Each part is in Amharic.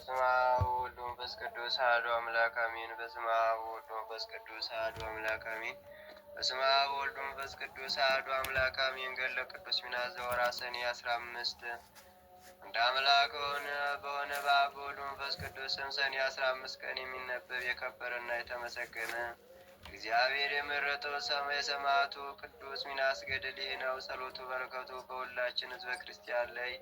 በስመ አብ ወወልድ ወመንፈስ ቅዱስ አሐዱ አምላክ አሜን። በስመ አብ ወወልድ ወመንፈስ ቅዱስ አሐዱ አምላክ አሜን። በስመ አብ ወወልድ ወመንፈስ ቅዱስ አሐዱ አምላክ አሜን። ገድለ ቅዱስ ሚናስ ዘወርኃ ሰኔ አስራ አምስት እንደ አምላክ በሆነ በአብ በወልድ በመንፈስ ቅዱስም ሰኔ አስራ አምስት ቀን የሚነበብ የከበረና የተመሰገነ እግዚአብሔር የመረጠው ሰማይ የሰማዕቱ ቅዱስ ሚናስ ገድል ይህ ነው። ጸሎቱ በረከቱ በሁላችን ሕዝበ ክርስቲያን ላይ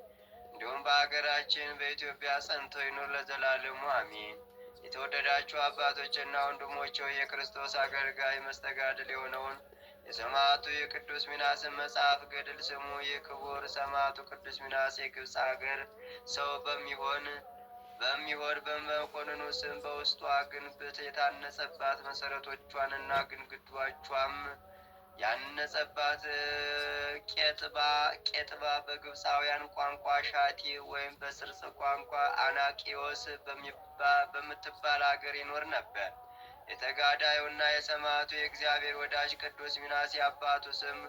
እንዲሁም በሀገራችን በኢትዮጵያ ጸንቶ ይኑር ለዘላለሙ አሚን። የተወደዳችሁ አባቶችና ወንድሞች የክርስቶስ አገልጋይ መስተጋድል የሆነውን የሰማዕቱ የቅዱስ ሚናስን መጽሐፍ ገድል ስሙ። የክቡር ሰማዕቱ ቅዱስ ሚናስ የግብፅ አገር ሰው በሚሆን በሚሆን በመኮንኑ ስም በውስጧ ግንብት የታነጸባት መሰረቶቿንና ግንግዷቿም ያነጸባት ቄጥባ ቄጥባ በግብፃውያን ቋንቋ ሻቲ ወይም በስርጽ ቋንቋ አናቂዎስ በምትባል አገር ይኖር ነበር። የተጋዳዩና የሰማዕቱ የእግዚአብሔር ወዳጅ ቅዱስ ሚናስ የአባቱ ስም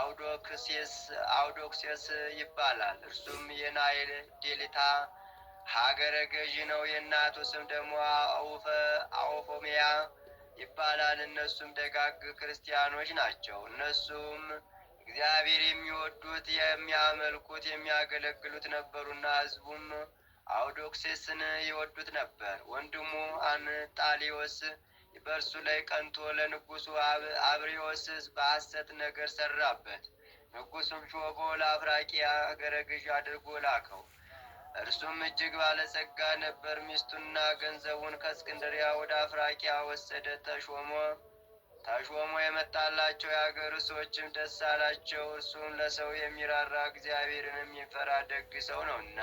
አውዶክሴስ አውዶክሴስ ይባላል። እርሱም የናይል ዴልታ ሀገረ ገዢ ነው። የእናቱ ስም ደግሞ አውፎሚያ ይባላል። እነሱም ደጋግ ክርስቲያኖች ናቸው። እነሱም እግዚአብሔር የሚወዱት የሚያመልኩት፣ የሚያገለግሉት ነበሩና ህዝቡም አውዶክሴስን ይወዱት ነበር። ወንድሙ አንጣሊዮስ በእርሱ ላይ ቀንቶ ለንጉሱ አብሬዎስ በሐሰት ነገር ሰራበት። ንጉሱም ሾቦ ለአፍራቂ አገረ ገዥ አድርጎ ላከው። እርሱም እጅግ ባለጸጋ ነበር። ሚስቱና ገንዘቡን ከእስክንድሪያ ወደ አፍራኪያ ወሰደ። ተሾሞ ተሾሞ የመጣላቸው የአገሩ ሰዎችም ደስ አላቸው። እርሱም ለሰው የሚራራ እግዚአብሔርን የሚፈራ ደግ ሰው ነውና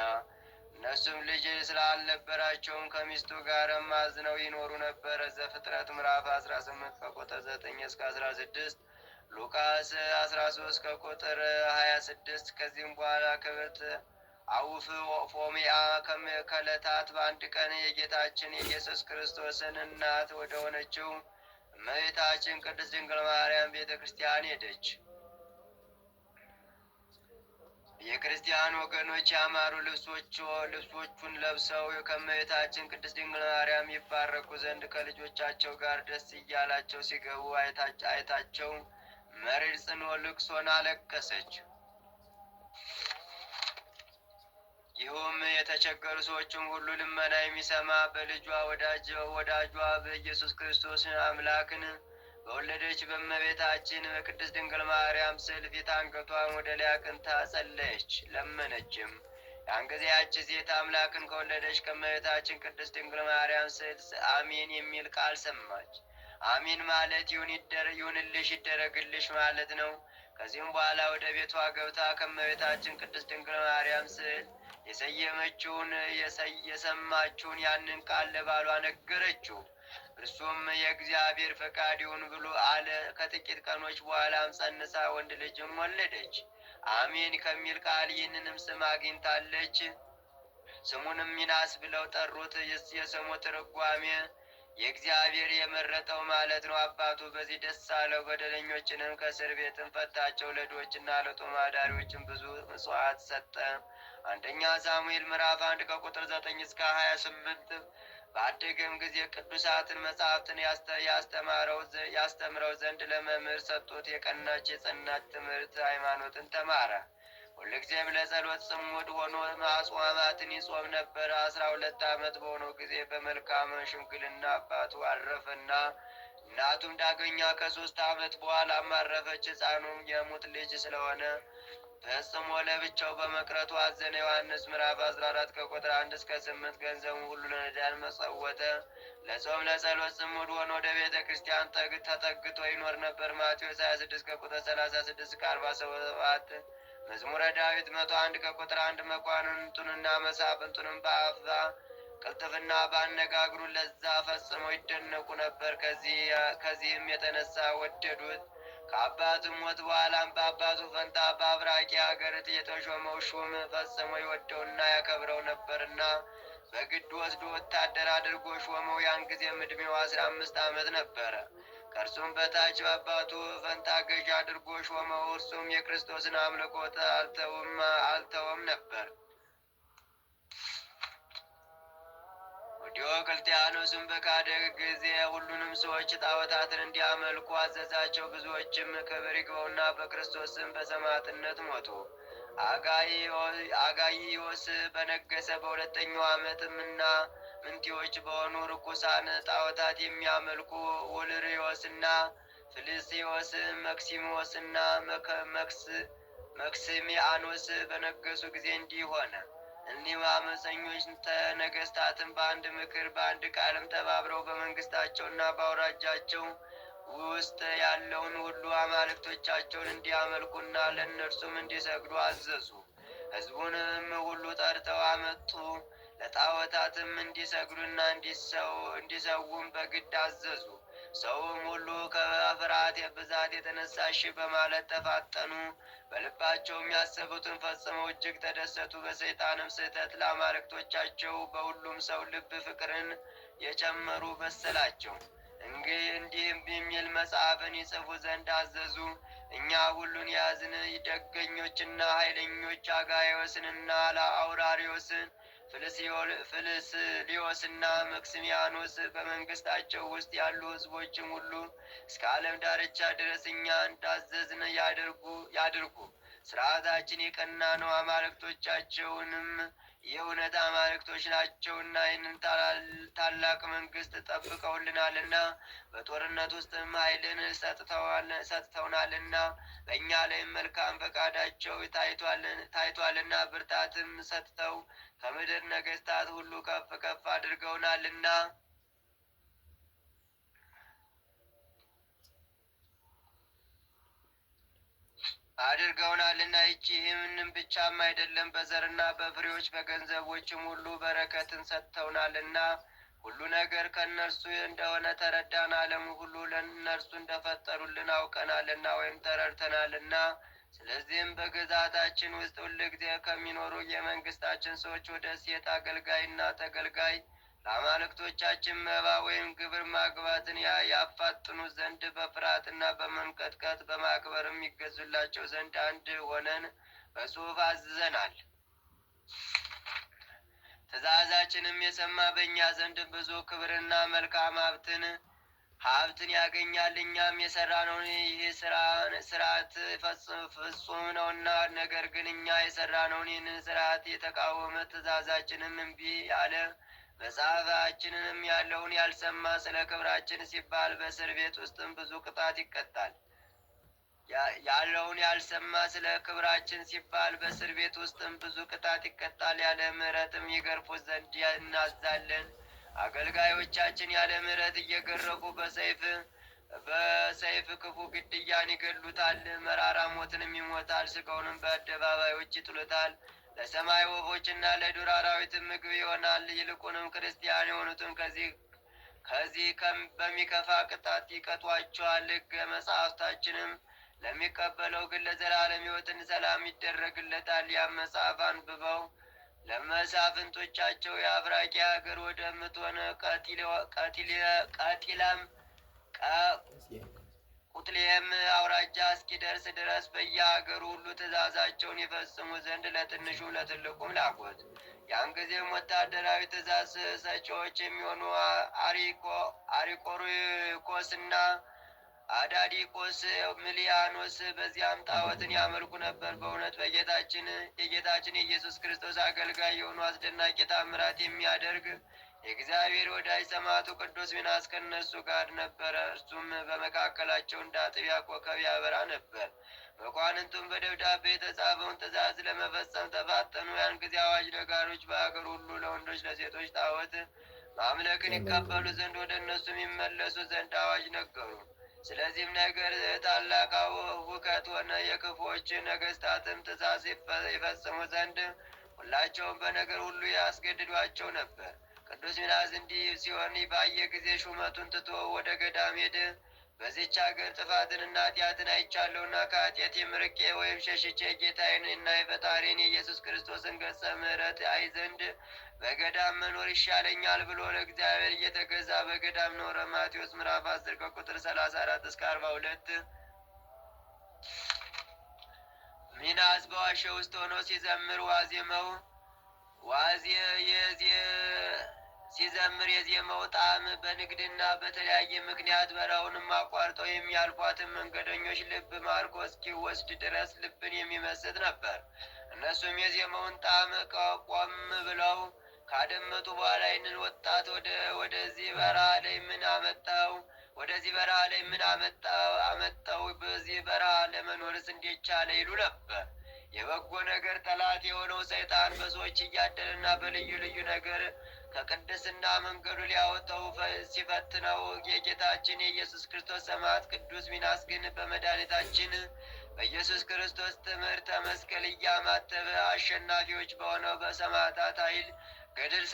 እነሱም ልጅ ስላልነበራቸውም ከሚስቱ ጋርም አዝነው ይኖሩ ነበረ። ዘፍጥረት ምዕራፍ አስራ ስምንት ከቁጥር ዘጠኝ እስከ አስራ ስድስት ሉቃስ አስራ ሶስት ከቁጥር ሀያ ስድስት ከዚህም በኋላ ክብርት አውፍ ፎሚያ ከዕለታት በአንድ ቀን የጌታችን የኢየሱስ ክርስቶስን እናት ወደ ሆነችው እመቤታችን ቅድስት ድንግል ማርያም ቤተ ክርስቲያን ሄደች። የክርስቲያን ወገኖች ያማሩ ልብሶቹን ለብሰው ከእመቤታችን ቅድስት ድንግል ማርያም ይባረኩ ዘንድ ከልጆቻቸው ጋር ደስ እያላቸው ሲገቡ አይታቸው መሪር ጽኖ ልቅሶን አለቀሰች። ይህም የተቸገሩ ሰዎችን ሁሉ ልመና የሚሰማ በልጇ ወዳጅ ወዳጇ በኢየሱስ ክርስቶስ አምላክን በወለደች በእመቤታችን በቅድስት ድንግል ማርያም ስዕል ፊት አንገቷን ወደ ላይ አቅንታ ጸለየች ለመነችም። ያን ጊዜ ያች ሴት አምላክን ከወለደች ከእመቤታችን ቅድስት ድንግል ማርያም ስዕል አሜን የሚል ቃል ሰማች። አሜን ማለት ይሁንልሽ፣ ይደረግልሽ ማለት ነው። ከዚህም በኋላ ወደ ቤቷ ገብታ ከእመቤታችን ቅድስት ድንግል ማርያም ስዕል የሰየመችውን የሰማችውን ያንን ቃል ለባሏ ነገረችው። እርሱም የእግዚአብሔር ፈቃድ ይሁን ብሎ አለ። ከጥቂት ቀኖች በኋላም ጸንሳ ወንድ ልጅም ወለደች። አሜን ከሚል ቃል ይህንንም ስም አግኝታለች። ስሙንም ሚናስ ብለው ጠሩት። የስሙ ትርጓሜ የእግዚአብሔር የመረጠው ማለት ነው። አባቱ በዚህ ደስ አለው። በደለኞችንም ከእስር ቤትም ፈታቸው። ለድሆችና ለጦም ብዙ ምጽዋት ሰጠ። አንደኛ ሳሙኤል ምዕራፍ አንድ ከቁጥር ዘጠኝ እስከ ሀያ ስምንት በአደገም ጊዜ ቅዱሳትን መጽሐፍትን ያስተምረው ዘንድ ለመምህር ሰጡት። የቀናች የጸናች ትምህርት ሃይማኖትን ተማረ። ሁልጊዜም ለጸሎት ጽሙድ ሆኖ አጽዋማትን ይጾም ነበረ። አስራ ሁለት ዓመት በሆነው ጊዜ በመልካም ሽምግልና አባቱ አረፈና እናቱም ዳግመኛ ከሶስት ዓመት በኋላ ማረፈች። ሕፃኑም የሙት ልጅ ስለሆነ ፈጽሞ ለብቻው በመቅረቱ አዘነ። ዮሐንስ ምዕራፍ 14 ከቁጥር 1 እስከ 8 ገንዘቡ ሁሉ ለነዳያን መጸወተ። ለጾም ለጸሎት ጽሙድ ሆኖ ወደ ቤተ ክርስቲያን ተጠግቶ ይኖር ነበር። ማቴዎስ 26 ከቁጥር 36 እስከ 47 መዝሙረ ዳዊት መቶ አንድ ከቁጥር አንድ መኳንንቱንና መሳፍንቱንም በአፋ ቅልጥፍና ባነጋግሩ ለዛ ፈጽመው ይደነቁ ነበር። ከዚህም የተነሳ ወደዱት። ከአባቱ ሞት በኋላም በአባቱ ፈንታ በአብራቂ ሀገርት የተሾመው ሹም ፈጽሞ ይወደውና ያከብረው ነበርና በግድ ወስዶ ወታደር አድርጎ ሾመው። ያን ጊዜም ዕድሜው አስራ አምስት ዓመት ነበረ። ከእርሱም በታች በአባቱ ፈንታ ገዥ አድርጎ ሾመው። እርሱም የክርስቶስን አምልኮት አልተውም አልተውም ነበር። ዲዮቅልጥያኖስም በካደ ጊዜ ሁሉንም ሰዎች ጣዖታትን እንዲያመልኩ አዘዛቸው። ብዙዎችም ክብር ይግባውና በክርስቶስም በሰማዕትነት ሞቱ። አጋይዮስ በነገሰ በሁለተኛው ዓመትም እና ምንቲዎች በሆኑ ርኩሳን ጣዖታት የሚያመልኩ ውልርዮስና ፍልስዮስም መክሲሞስና መክስሚያኖስ በነገሱ ጊዜ እንዲህ ሆነ። እኒህም አመፀኞች ነገስታትን በአንድ ምክር በአንድ ቃልም ተባብረው በመንግስታቸውና በአውራጃቸው ውስጥ ያለውን ሁሉ አማልክቶቻቸውን እንዲያመልኩና ለእነርሱም እንዲሰግዱ አዘዙ። ህዝቡንም ሁሉ ጠርተው አመጡ። ለጣዖታትም እንዲሰግዱና እንዲሰውም በግድ አዘዙ። ሰውም ሁሉ ከፍርሃት ብዛት የተነሳ እሺ በማለት ተፋጠኑ። በልባቸውም ያሰቡትን ፈጽመው እጅግ ተደሰቱ። በሰይጣንም ስህተት ለአማልክቶቻቸው በሁሉም ሰው ልብ ፍቅርን የጨመሩ በሰላቸው። እንግዲህ እንዲህም የሚል መጽሐፍን ይጽፉ ዘንድ አዘዙ። እኛ ሁሉን የያዝን ደገኞችና ኃይለኞች አጋዮስንና ለአውራሪዎስን ፍልስልዮስና መክስሚያኖስ በመንግስታቸው ውስጥ ያሉ ህዝቦችም ሁሉ እስከ ዓለም ዳርቻ ድረስ እኛ እንዳዘዝን ያድርጉ ያድርጉ። ስርዓታችን የቀና ነው። አማልክቶቻቸውንም የእውነት አማልክቶች ናቸውና ይህንን ታላቅ መንግስት ጠብቀውልናልና በጦርነት ውስጥም ኃይልን ሰጥተውናልና በእኛ ላይም መልካም ፈቃዳቸው ታይቷልና ብርታትም ሰጥተው ከምድር ነገስታት ሁሉ ከፍ ከፍ አድርገውናልና አድርገውናልና ይቺ ይህምንም ብቻም አይደለም በዘርና በፍሬዎች በገንዘቦችም ሁሉ በረከትን ሰጥተውናልና ሁሉ ነገር ከእነርሱ እንደሆነ ተረዳን። አለም ሁሉ ለእነርሱ እንደፈጠሩልን አውቀናልና ወይም ተረድተናልና ስለዚህም በግዛታችን ውስጥ ሁልጊዜ ከሚኖሩ የመንግስታችን ሰዎች ወደ ሴት አገልጋይና ተገልጋይ ለአማልክቶቻችን መባ ወይም ግብር ማግባትን ያፋጥኑ ዘንድ በፍርሃትና በመንቀጥቀጥ በማክበርም ይገዙላቸው ዘንድ አንድ ሆነን በጽሑፍ አዝዘናል። ትእዛዛችንም የሰማ በእኛ ዘንድ ብዙ ክብርና መልካም ሀብትን ሀብትን ያገኛል። እኛም የሰራነውን ይህ ስርዓት ፍጹም ነውና፣ ነገር ግን እኛ የሰራነውን ይህንን ስርዓት የተቃወመ ትእዛዛችንም እምቢ አለ መጽሐፋችንንም ያለውን ያልሰማ ስለ ክብራችን ሲባል በእስር ቤት ውስጥም ብዙ ቅጣት ይቀጣል። ያለውን ያልሰማ ስለ ክብራችን ሲባል በእስር ቤት ውስጥም ብዙ ቅጣት ይቀጣል። ያለ ምሕረትም ይገርፉት ዘንድ እናዛለን። አገልጋዮቻችን ያለ ምሕረት እየገረፉ በሰይፍ በሰይፍ ክፉ ግድያን ይገሉታል። መራራ ሞትንም ይሞታል። ስጋውንም በአደባባዮች ይጥሉታል። ለሰማይ ወፎችና ለዱር አራዊትም ምግብ ይሆናል። ይልቁንም ክርስቲያን የሆኑትም ከዚህ ከዚህ በሚከፋ ቅጣት ይቀጧቸዋል። ሕገ መጽሐፍታችንም ለሚቀበለው ግን ለዘላለም ሕይወትን ሰላም ይደረግለታል። ያም መጽሐፍ አንብበው ለመሳፍንቶቻቸው የአፍራቂ ሀገር ወደምትሆነ ቀጢላም ቁጥሌም አውራጃ እስኪደርስ ድረስ በየሀገሩ ሁሉ ትእዛዛቸውን ይፈጽሙ ዘንድ ለትንሹ ለትልቁም ላኩት። ያን ጊዜም ወታደራዊ ትእዛዝ ሰጪዎች የሚሆኑ አሪቆሪኮስና አዳዲቆስ ምልያኖስ በዚያም ጣዖትን ያመልኩ ነበር። በእውነት በጌታችን የጌታችን የኢየሱስ ክርስቶስ አገልጋይ የሆኑ አስደናቂ ታምራት የሚያደርግ የእግዚአብሔር ወዳጅ ሰማዕቱ ቅዱስ ሚናስ ከነሱ ጋር ነበረ። እርሱም በመካከላቸው እንደ አጥቢያ ኮከብ ያበራ ነበር። መኳንንቱም በደብዳቤ የተጻፈውን ትእዛዝ ለመፈጸም ተፋጠኑ። ያን ጊዜ አዋጅ ነጋሪዎች በአገር ሁሉ ለወንዶች ለሴቶች ጣዖት ማምለክን ይቀበሉ ዘንድ ወደ እነሱም ይመለሱ ዘንድ አዋጅ ነገሩ። ስለዚህም ነገር ታላቅ ውከት ሆነ። የክፎች ነገስታትም ትእዛዝ ይፈጽሙ ዘንድ ሁላቸውም በነገር ሁሉ ያስገድዷቸው ነበር። ቅዱስ ሚናስ እንዲህ ሲሆን ባየ ጊዜ ሹመቱን ትቶ ወደ ገዳም ሄደ። በዚች ሀገር ጥፋትንና ኃጢአትን አይቻለሁና ከኃጢአቴም የምርቄ ወይም ሸሽቼ ጌታዬን እና የፈጣሪን የኢየሱስ ክርስቶስን ገጸ ምሕረት አይ ዘንድ በገዳም መኖር ይሻለኛል ብሎ ለእግዚአብሔር እየተገዛ በገዳም ኖረ። ማቴዎስ ምዕራፍ አስር ከቁጥር ሰላሳ አራት እስከ አርባ ሁለት ሚናስ በዋሻ ውስጥ ሆኖ ሲዘምር ዋዜመው ዋዜ የዜ ሲዘምር የዜማው ጣዕም በንግድና በተለያየ ምክንያት በረሃውንም አቋርጠው የሚያልፏትን መንገደኞች ልብ ማርኮ እስኪወስድ ድረስ ልብን የሚመስጥ ነበር። እነሱም የዜማውን ጣዕም ቆም ብለው ካደመጡ በኋላ ይህንን ወጣት ወደዚህ በረሃ ላይ ምን አመጣው? ወደዚህ በረሃ ላይ ምን አመጣው? በዚህ በረሃ ለመኖርስ እንዴት ቻለ? ይሉ ነበር። የበጎ ነገር ጠላት የሆነው ሰይጣን በሰዎች እያደረና በልዩ ልዩ ነገር ከቅድስና መንገዱ ሊያወጣው ሲፈትነው የጌታችን የኢየሱስ ክርስቶስ ሰማዕት ቅዱስ ሚናስ ግን በመድኃኒታችን በኢየሱስ ክርስቶስ ትምህርተ መስቀል እያማተበ አሸናፊዎች በሆነው በሰማዕታት ኃይል ገድል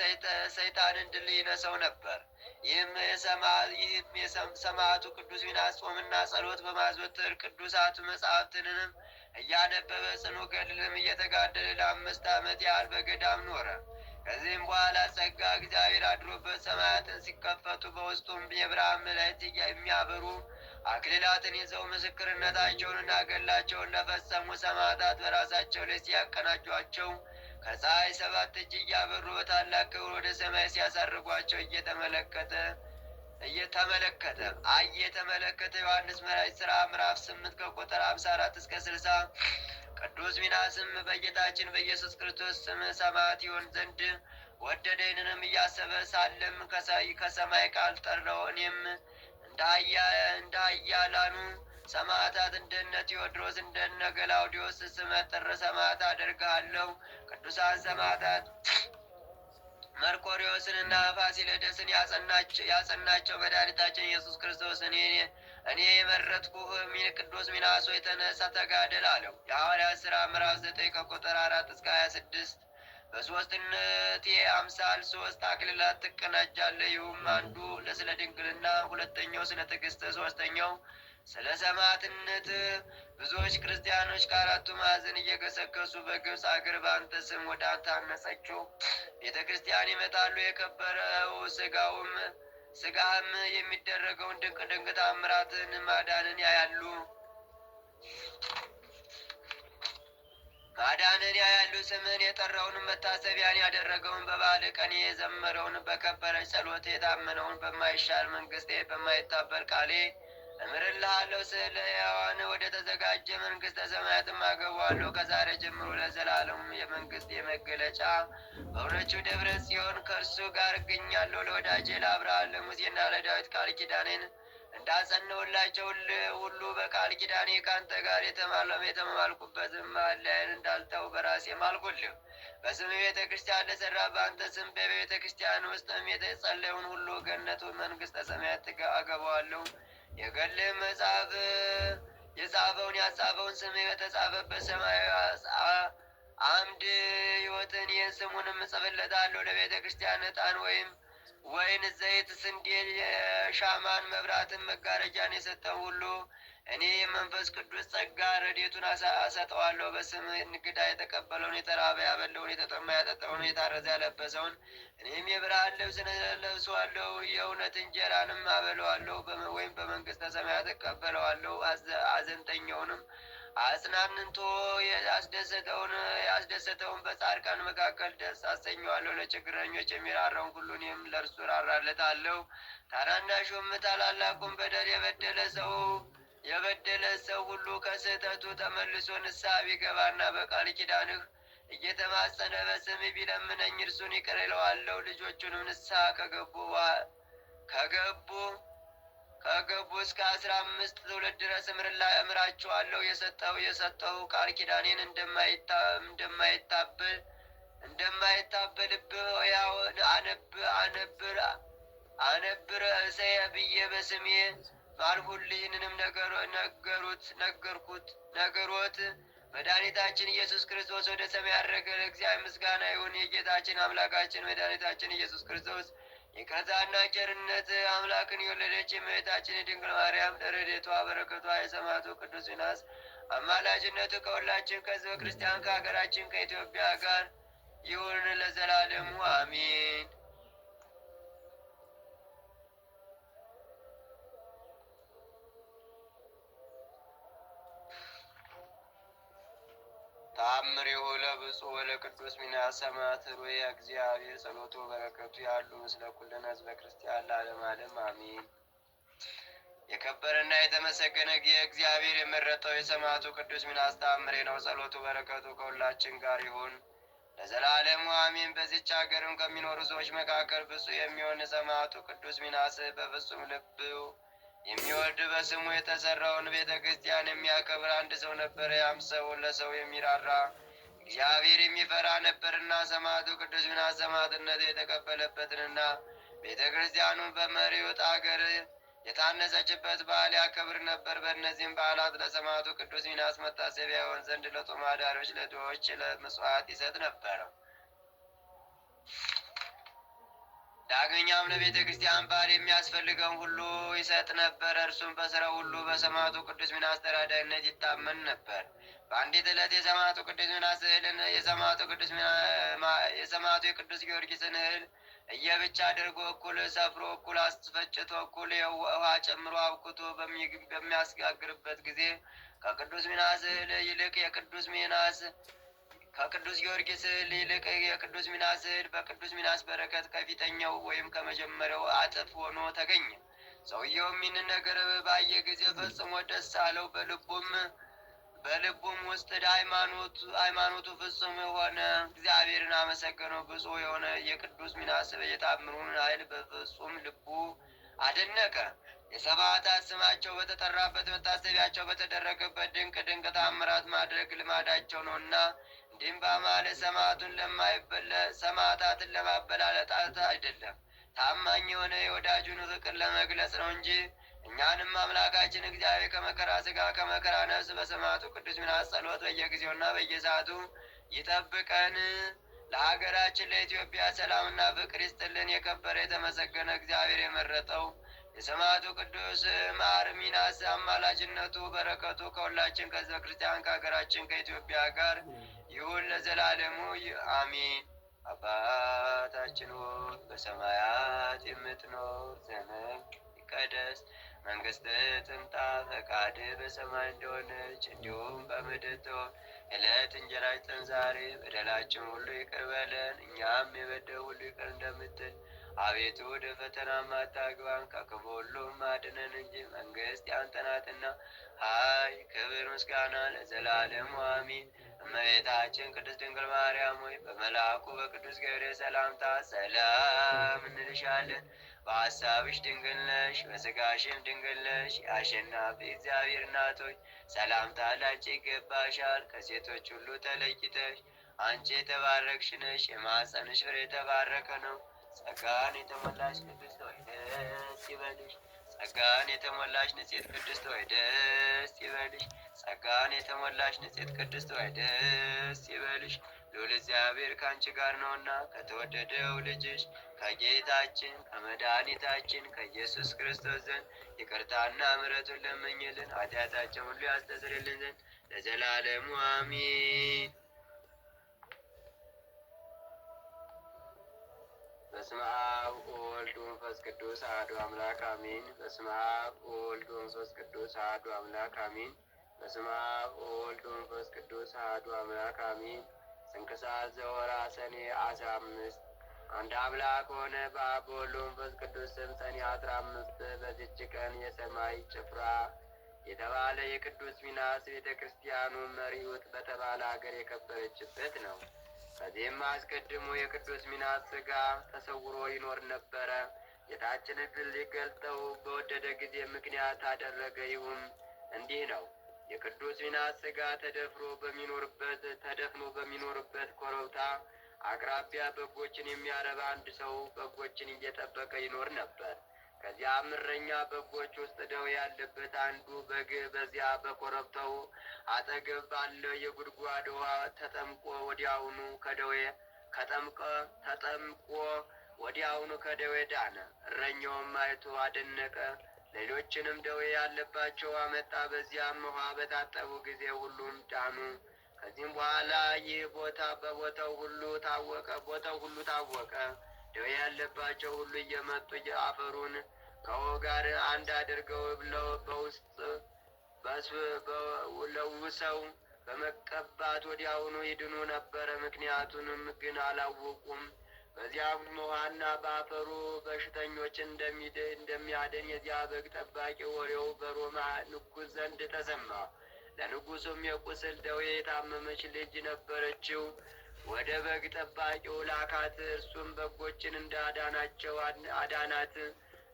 ሰይጣንን ድል ይነሰው ነበር። ይህም የሰማዕቱ ቅዱስ ሚናስ ጾምና ጸሎት በማዘወትር ቅዱሳት መጻሕፍትንም እያነበበ ጽኑ ገድልም እየተጋደለ ለአምስት ዓመት ያህል በገዳም ኖረ። ከዚህም በኋላ ጸጋ እግዚአብሔር አድሮበት ሰማያትን ሲከፈቱ በውስጡም የብርሃን መላእክት የሚያበሩ አክሊላትን ይዘው ምስክርነታቸውንና ገላቸውን ለፈጸሙ ሰማዕታት በራሳቸው ላይ ሲያቀናጇቸው ከፀሐይ ሰባት እጅ እያበሩ በታላቅ ክብር ወደ ሰማይ ሲያሳርጓቸው እየተመለከተ እየተመለከተ አየ ዮሐንስ መራጅ ሥራ ምዕራፍ ስምንት ከቁጥር አምሳ አራት እስከ ስልሳ ቅዱስ ሚናስም በጌታችን በኢየሱስ ክርስቶስ ስም ሰማዕት ይሆን ዘንድ ወደደ። ይህንንም እያሰበ ሳለም ከሰማይ ቃል ጠራው። እኔም እንደ ኃያላኑ ሰማዕታት እንደነ ቴዎድሮስ እንደነ ገላውዲዮስ ስመጥር ሰማዕት አደርግሃለሁ። ቅዱሳን ሰማዕታት መርቆሪዎስንና ፋሲለደስን ያጸናቸው መድኃኒታችን ኢየሱስ ክርስቶስ እኔ እኔ የመረጥኩህ ቅዱስ ሚናሶ የተነሳ ተጋደል አለው። የሐዋርያ ሥራ ምዕራፍ ዘጠኝ ከቁጥር አራት እስከ ሀያ ስድስት በሦስትነቴ አምሳል ሦስት አክልላት ትቀናጃለህ። ይሁም አንዱ ለስለ ድንግልና፣ ሁለተኛው ስለ ትዕግስት፣ ሦስተኛው ስለ ሰማዕትነት። ብዙዎች ክርስቲያኖች ከአራቱ ማዕዘን እየገሰገሱ በግብፅ አገር በአንተ ስም ወደ አንተ አነጸችው ቤተ ክርስቲያን ይመጣሉ የከበረው ስጋውም። ስጋም የሚደረገውን ድንቅ ድንቅ ታምራትን ማዳንን ያያሉ ማዳንን ያያሉ። ስምን የጠራውን መታሰቢያን ያደረገውን በበዓል ቀን የዘመረውን በከበረ ጸሎት የታመነውን በማይሻል መንግስቴ በማይታበል ቃሌ እምርልሃለሁ ስለ ሕያዋን ወደ ተዘጋጀ መንግሥተ ሰማያትም አገባዋለሁ። ከዛሬ ጀምሮ ለዘላለሙ የመንግሥት የመገለጫ በሆነችው ደብረ ጽዮን ከእርሱ ጋር እገኛለሁ። ለወዳጄ ለአብርሃም ለሙሴና ለዳዊት ቃል ኪዳኔን እንዳጸነውላቸው ሁሉ በቃል ኪዳኔ ከአንተ ጋር የተማለም የተማልኩበትም መሐላዬን እንዳልተው በራሴ ማልኩልህ። በስም ቤተ ክርስቲያን ለሰራ በአንተ ስም በቤተ ክርስቲያን ውስጥም የተጸለየውን ሁሉ ገነቱ መንግሥተ ሰማያት አገባዋለሁ። የገል መጽሐፍ የጻፈውን ያጻፈውን ስም በተጻፈበት ሰማያዊ አምድ ሕይወትን ይህን ስሙንም እጽፍለታለሁ። ለቤተ ክርስቲያን ዕጣን ወይም ወይን፣ ዘይት፣ ስንዴ፣ ሻማን፣ መብራትን፣ መጋረጃን የሰጠው ሁሉ እኔ የመንፈስ ቅዱስ ጸጋ ረድኤቱን አሰጠዋለሁ። በስም እንግዳ የተቀበለውን፣ የተራበ ያበለውን፣ የተጠማ ያጠጣውን፣ የታረዘ ያለበሰውን እኔም የብርሃን ልብስ ለብሰዋለሁ፣ የእውነት እንጀራንም አበለዋለሁ፣ ወይም በመንግሥተ ሰማያት እቀበለዋለሁ። አዘንተኛውንም አጽናንንቶ ያስደሰተውን ያስደሰተውን በጻድቃን መካከል ደስ አሰኘዋለሁ። ለችግረኞች የሚራራውን ሁሉ እኔም ለእርሱ ራራለታለሁ። ታናናሹም ታላላቁም በደል የበደለ ሰው የበደለ ሰው ሁሉ ከስህተቱ ተመልሶ ንስሐ ቢገባና በቃል ኪዳንህ እየተማጸነ በስም ቢለምነኝ እርሱን ይቅር እለዋለሁ። ልጆቹንም ንስሐ ከገቡ ከገቡ ከገቡ እስከ አስራ አምስት ትውልድ ድረስ ምርላ እምራችኋለሁ የሰጠው የሰጠው ቃል ኪዳኔን እንደማይታበል እንደማይታበልብህ ያው አነብር አነብር እሰየ ብዬ በስሜ ባልሁልህንም ነገሩት ነገርኩት ነገሮት መድኃኒታችን ኢየሱስ ክርስቶስ ወደ ሰማይ ያረገ ለእግዚአብሔር ምስጋና ይሁን። የጌታችን አምላካችን መድኃኒታችን ኢየሱስ ክርስቶስ ይቅርታና ቸርነት አምላክን የወለደች የእመቤታችን የድንግል ማርያም ረድኤቷ በረከቷ የሰማዕቱ ቅዱስ ዮናስ አማላጅነቱ ከሁላችን ከህዝበ ክርስቲያን ከሀገራችን ከኢትዮጵያ ጋር ይሁን ለዘላለሙ አሚን። ተአምሪሁ ወለ ቅዱስ ሚና ሰማዕት ሮይ እግዚአብሔር ጸሎቱ በረከቱ ያሉ ምስለ ኩልነ ህዝበ ክርስቲያን ለዓለም ዓለም አሚን። የከበረና የተመሰገነ እግዚአብሔር የመረጠው የሰማዕቱ ቅዱስ ሚናስ ተአምሬ ነው። ጸሎቱ በረከቱ ከሁላችን ጋር ይሁን ለዘላለሙ አሚን። በዚች ሀገርም ከሚኖሩ ሰዎች መካከል ብፁዕ የሚሆን ሰማዕቱ ቅዱስ ሚናስ በፍጹም ልብ የሚወድ በስሙ የተሰራውን ቤተ ክርስቲያን የሚያከብር አንድ ሰው ነበር ያም ሰው ለሰው የሚራራ እግዚአብሔር የሚፈራ ነበርና ሰማዕቱ ቅዱስ ሚናስ ሰማዕትነት የተቀበለበትንና ቤተ ክርስቲያኑን በመሪውጥ አገር የታነጸችበት በዓል ያከብር ነበር። በእነዚህም በዓላት ለሰማዕቱ ቅዱስ ሚናስ መታሰቢያ ይሆን ዘንድ ለጦማዳሪዎች ለድዎች ለድሆች፣ ይሰጥ ነበረ። ዳግኛም ለቤተ ክርስቲያን ባል የሚያስፈልገውን ሁሉ ይሰጥ ነበር። እርሱም በሥራው ሁሉ በሰማዕቱ ቅዱስ ሚናስ ተራዳኢነት ይታመን ነበር። በአንዲት ዕለት የሰማዕቱ ቅዱስ ሚናስ እህልን የሰማዕቱ ቅዱስ የሰማዕቱ የቅዱስ ጊዮርጊስን እህል እየብቻ አድርጎ እኩል ሰፍሮ እኩል አስፈጭቶ እኩል የውሃ ጨምሮ አብኩቶ በሚያስጋግርበት ጊዜ ከቅዱስ ሚናስ እህል ይልቅ የቅዱስ ሚናስ ከቅዱስ ጊዮርጊስ ስዕል ይልቅ የቅዱስ ሚናስ ስዕል በቅዱስ ሚናስ በረከት ከፊተኛው ወይም ከመጀመሪያው አጥፍ ሆኖ ተገኘ። ሰውየውም ይህንን ነገር ባየ ጊዜ ፈጽሞ ደስ አለው። በልቡም በልቡም ውስጥ ሃይማኖቱ ፍጹም የሆነ እግዚአብሔርን አመሰገነው። ብፁዕ የሆነ የቅዱስ ሚናስ የታምሩን ኃይል በፍጹም ልቡ አደነቀ። የሰማዕታት ስማቸው በተጠራበት መታሰቢያቸው በተደረገበት ድንቅ ድንቅ ታምራት ማድረግ ልማዳቸው እና ድንባ ማለት ሰማዕቱን ለማይበለ ሰማዕታትን ለማበላለጣት አይደለም፣ ታማኝ የሆነ የወዳጁን ፍቅር ለመግለጽ ነው እንጂ እኛንም አምላካችን እግዚአብሔር ከመከራ ስጋ ከመከራ ነፍስ በሰማዕቱ ቅዱስ ሚናስ ጸሎት በየጊዜውና በየሰዓቱ ይጠብቀን። ለሀገራችን ለኢትዮጵያ ሰላምና ፍቅር ይስጥልን። የከበረ የተመሰገነ እግዚአብሔር የመረጠው የሰማዕቱ ቅዱስ ማር ሚናስ አማላጅነቱ በረከቱ ከሁላችን ከሕዝበ ክርስቲያን ከሀገራችን ከኢትዮጵያ ጋር ይሁን ለዘላለሙ አሚን። አባታችን ሆይ በሰማያት የምትኖር ዘመን ይቀደስ መንግስት ትምጣ፣ ፈቃድ በሰማይ እንደሆነች እንዲሁም በምድር ትሆን። ዕለት እንጀራችንን ዛሬ በደላችን ሁሉ ይቅር በለን እኛም የበደ ሁሉ ይቅር እንደምትል። አቤቱ ወደ ፈተና ማታግባን ከክፉ ሁሉ አድነን እንጂ መንግስት ያንተ ናትና ኃይል፣ ክብር፣ ምስጋና ለዘላለሙ አሚን። እመቤታችን ቅድስት ድንግል ማርያም ሆይ በመልአኩ በቅዱስ ገብርኤል ሰላምታ ሰላም እንልሻለን። በሀሳብሽ ድንግል ነሽ፣ በስጋሽም ድንግል ነሽ። የአሸናፊ እግዚአብሔር እናቶች ሰላምታ ላንቺ ይገባሻል። ከሴቶች ሁሉ ተለይተሽ አንቺ የተባረክሽ ነሽ፣ የማኅፀንሽ ፍሬ የተባረከ ነው። ጸጋን የተሞላሽ ቅድስት ሆይ ደስ ይበልሽ። ጸጋን የተሞላሽ ንጽሕት ቅድስት ሆይ ደስ ይበልሽ። ጸጋን የተሞላሽ ንጽሕት ቅድስት ሆይ ደስ ይበልሽ፣ ልዑል እግዚአብሔር ከአንቺ ጋር ነውና ከተወደደው ልጅሽ ከጌታችን ከመድኃኒታችን ከኢየሱስ ክርስቶስ ዘንድ ይቅርታና ምሕረቱን ለምኝልን ኃጢአታችን ሁሉ ያስተሰርይልን ዘንድ ለዘላለሙ አሚን። በስመ አብ ወወልድ ወመንፈስ ቅዱስ አሐዱ አምላክ አሜን። በስመ አብ ወወልድ ወመንፈስ ቅዱስ አሐዱ አምላክ አሜን። በስመ አብ ወወልድ ወመንፈስ ቅዱስ አሐዱ አምላክ አሜን። ስንክሳር ዘወርኃ ሰኔ አስራ አምስት አንድ አምላክ ሆነ በአብ በወልድ በመንፈስ ቅዱስ ስም ሰኔ አስራ አምስት በዚች ቀን የሰማይ ጭፍራ የተባለ የቅዱስ ሚናስ ቤተ ክርስቲያኑ መሪሁት በተባለ ሀገር የከበረችበት ነው። ከዚህም አስቀድሞ የቅዱስ ሚናስ ስጋ ተሰውሮ ይኖር ነበረ። ጌታችን ፊል ሊገልጠው በወደደ ጊዜ ምክንያት አደረገ። ይሁም እንዲህ ነው። የቅዱስ ዮናስ ሥጋ ተደፍሮ በሚኖርበት ተደፍኖ በሚኖርበት ኮረብታ አቅራቢያ በጎችን የሚያረባ አንድ ሰው በጎችን እየጠበቀ ይኖር ነበር። ከዚያ እረኛ በጎች ውስጥ ደዌ ያለበት አንዱ በግ በዚያ በኮረብታው አጠገብ ባለ የጉድጓድ ውሃ ተጠምቆ ወዲያውኑ ከደዌ ከጠምቀ ተጠምቆ ወዲያውኑ ከደዌ ዳነ። እረኛውም አይቶ አደነቀ። ሌሎችንም ደዌ ያለባቸው አመጣ። በዚያም ውሃ በታጠቡ ጊዜ ሁሉም ዳኑ። ከዚህም በኋላ ይህ ቦታ በቦታው ሁሉ ታወቀ፣ ቦታው ሁሉ ታወቀ። ደዌ ያለባቸው ሁሉ እየመጡ አፈሩን ከውሃው ጋር አንድ አድርገው ብለው በውስጥ ለውሰው በመቀባት ወዲያውኑ ይድኑ ነበረ። ምክንያቱንም ግን አላወቁም። በዚያም ውሃና በአፈሩ በሽተኞች እንደሚያድን የዚያ በግ ጠባቂ ወሬው በሮማ ንጉሥ ዘንድ ተሰማ። ለንጉሱም የቁስል ደዌ የታመመች ልጅ ነበረችው። ወደ በግ ጠባቂው ላካት። እርሱም በጎችን እንዳዳናቸው አዳናት።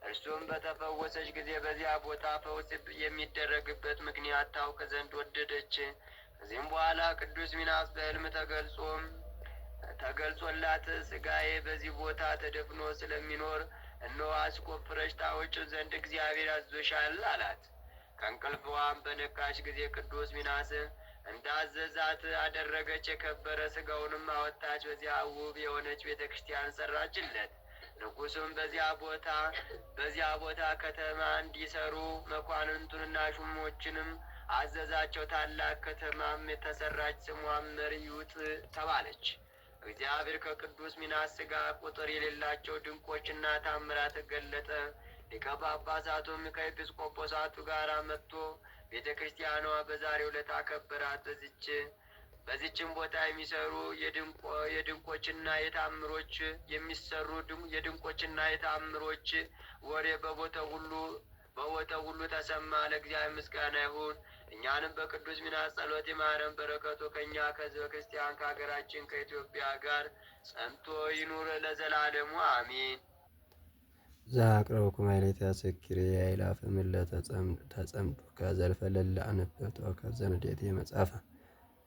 እርሱም በተፈወሰች ጊዜ በዚያ ቦታ ፈውስ የሚደረግበት ምክንያት ታውቅ ዘንድ ወደደች። ከዚህም በኋላ ቅዱስ ሚናስ በሕልም ተገልጾም ተገልጾላት ሥጋዬ በዚህ ቦታ ተደፍኖ ስለሚኖር እነሆ አስቆፍረሽ ታወጭ ዘንድ እግዚአብሔር አዞሻል አላት። ከእንቅልፍዋም በነቃች ጊዜ ቅዱስ ሚናስ እንዳዘዛት አደረገች። የከበረ ሥጋውንም አወጣች። በዚያ ውብ የሆነች ቤተ ክርስቲያን ሰራችለት። ንጉሱም በዚያ ቦታ በዚያ ቦታ ከተማ እንዲሰሩ መኳንንቱንና ሹሞችንም አዘዛቸው። ታላቅ ከተማም የተሰራች ስሟም መርዩጥ ተባለች። እግዚአብሔር ከቅዱስ ሚናስ ጋር ቁጥር የሌላቸው ድንቆችና ታምራት ገለጠ። ሊቀ ጳጳሳቱም ከኤጲስቆጶሳቱ ጋር መጥቶ ቤተ ክርስቲያኗ በዛሬው ዕለት አከበራት። በዚች በዚችም ቦታ የሚሰሩ የድንቆችና የታምሮች የሚሰሩ የድንቆችና የታምሮች ወሬ በቦተ ሁሉ በቦታው ሁሉ ተሰማ። ለእግዚአብሔር ምስጋና ይሁን። እኛንም በቅዱስ ሚና ጸሎት ይማረን። በረከቱ ከእኛ ከህዝበ ክርስቲያን ከሀገራችን ከኢትዮጵያ ጋር ጸንቶ ይኑር ለዘላለሙ አሜን። ዛቅረው ኩማይሌት ያስክሬ የአይላፍ ምለ ተጸምዱ ከዘልፈለለ አነበቶ ከዘንዴት የመጻፈ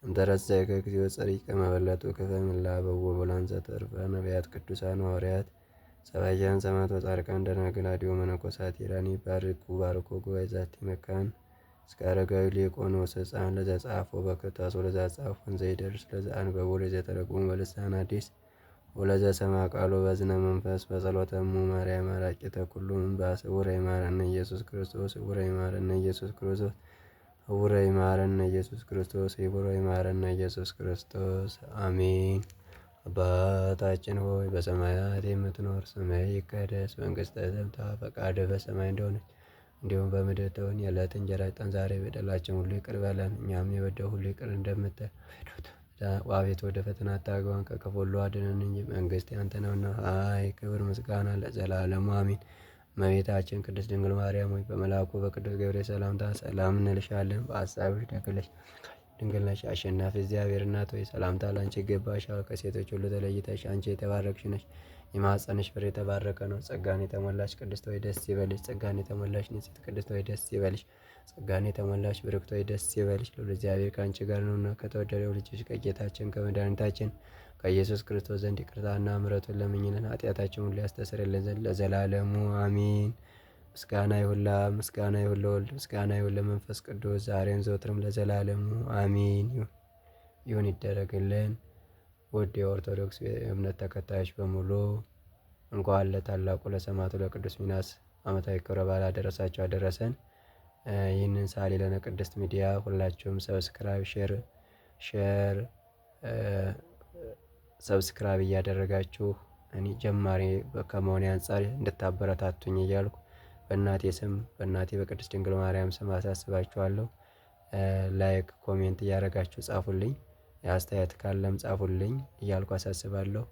እንተረሰከ ጊዜው ጸሪቀ መበለጡ ክፈ ምላ በዎ በላን ዘተርፈ ነቢያት ቅዱሳን ሐዋርያት ሰባያን ሰማዕታት ወጻድቃን ደናግል አዲዮ መነኮሳት ኢራኒ ባርኩ ባርኮ ጉባኤ ዛቲ መካን እስከ አረጋዊ ሊቆኖስ ሕፃን ለዛ ጻፎ በክታስ ወለዛ ጻፎን ዘይደርስ ለዛ አንበቦ ለዛ ተረጉሙ በልሳን አዲስ ወለዛ ሰማ ቃሎ በዝነ መንፈስ በጸሎተሙ ማርያም አራቂተ ኩሉ እምባስ ውረ ይማረነ ኢየሱስ ክርስቶስ ውረ ይማረነ ኢየሱስ ክርስቶስ ውረ ይማረነ ኢየሱስ ክርስቶስ ውረ ይማረነ ኢየሱስ ክርስቶስ አሜን። አባታችን ሆይ በሰማያት የምትኖር ስምህ ይቀደስ መንግሥትህ ትምጣ ፈቃድህ በሰማይ እንደሆነች እንዲሁም በምድር ተውን የዕለት እንጀራ እንጀራችንን ዛሬ በደላችን ሁሉ ይቅር በለን እኛም የበደሉንን ሁሉ ይቅር እንደምትል አቤቱ ወደ ፈተና አታግባን ከክፉ ሁሉ አድነን እንጂ መንግስት ያንተ ነውና አይ ክብር፣ ምስጋና ለዘላለሙ አሚን። እመቤታችን ቅድስት ድንግል ማርያም ሆይ በመልአኩ በቅዱስ ገብርኤል ሰላምታ ሰላም እንልሻለን። በአሳብሽ ደግለሽ ድንግል ነሽ አሸናፊ እግዚአብሔር እናት ሆይ ሰላምታ ላንቺ ይገባሻል። ከሴቶች ሁሉ ተለይተሽ አንቺ የተባረክሽ ነሽ። የማኅፀንሽ ፍሬ የተባረከ ነው። ጸጋን የተሞላሽ ቅድስት ሆይ ደስ ይበልሽ። ጸጋን የተሞላሽ ንጽሕት ቅድስት ሆይ ደስ ይበልሽ። ጸጋን የተሞላሽ ብርክት ሆይ ደስ ይበልሽ። ልዑል እግዚአብሔር ከአንቺ ጋር ነውና ከተወደደው ልጅሽ ከጌታችን ከመድኃኒታችን ከኢየሱስ ክርስቶስ ዘንድ ይቅርታና ምሕረቱን ለምኝልን ኃጢአታችን ሁሉ ያስተሰርይልን ዘንድ ለዘላለሙ አሜን። ምስጋና ይሁን ለአብ፣ ምስጋና ይሁን ለወልድ፣ ምስጋና ይሁን ለመንፈስ ቅዱስ ዛሬም ዘወትርም ለዘላለሙ አሜን። ይሁን ይደረግልን። ውድ የኦርቶዶክስ እምነት ተከታዮች በሙሉ እንኳን ለታላቁ ለሰማዕቱ ለቅዱስ ሚናስ ዓመታዊ ክብረ በዓል አደረሳቸው አደረሰን። ይህንን ሣህሌ ቅድስት ሚዲያ ሁላችሁም ሰብስክራይብ፣ ሼር ሼር ሰብስክራይብ እያደረጋችሁ እኔ ጀማሪ ከመሆኔ አንጻር እንድታበረታቱኝ እያልኩ በእናቴ ስም በእናቴ በቅድስት ድንግል ማርያም ስም አሳስባችኋለሁ። ላይክ ኮሜንት እያደረጋችሁ ጻፉልኝ። አስተያየት ካለም ጻፉልኝ እያልኩ አሳስባለሁ